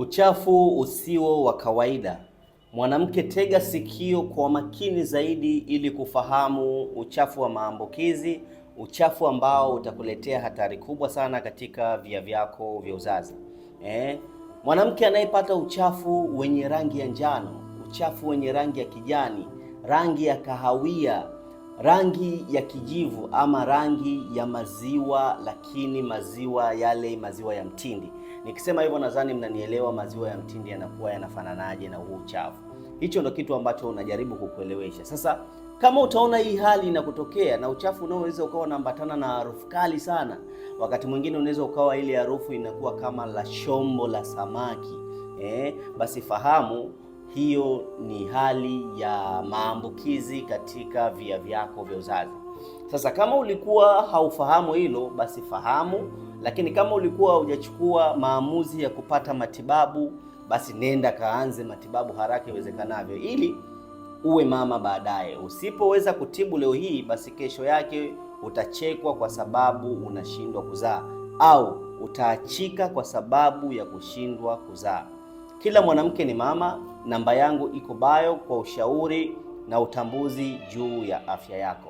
Uchafu usio wa kawaida. Mwanamke, tega sikio kwa makini zaidi ili kufahamu uchafu wa maambukizi, uchafu ambao utakuletea hatari kubwa sana katika via vyako vya uzazi eh? Mwanamke anayepata uchafu wenye rangi ya njano, uchafu wenye rangi ya kijani, rangi ya kahawia rangi ya kijivu ama rangi ya maziwa, lakini maziwa yale maziwa ya mtindi. Nikisema hivyo, nadhani mnanielewa, maziwa ya mtindi yanakuwa yanafananaje na huu uchafu. Hicho ndo kitu ambacho unajaribu kukuelewesha. Sasa kama utaona hii hali inakutokea na uchafu unaoweza ukawa unaambatana na harufu kali sana, wakati mwingine unaweza ukawa ile harufu inakuwa kama la shombo la samaki eh, basi fahamu hiyo ni hali ya maambukizi katika via vyako vya uzazi. Sasa kama ulikuwa haufahamu hilo, basi fahamu, lakini kama ulikuwa hujachukua maamuzi ya kupata matibabu, basi nenda kaanze matibabu haraka iwezekanavyo, ili uwe mama baadaye. Usipoweza kutibu leo hii, basi kesho yake utachekwa kwa sababu unashindwa kuzaa, au utaachika kwa sababu ya kushindwa kuzaa. Kila mwanamke ni mama. Namba yangu iko bayo kwa ushauri na utambuzi juu ya afya yako.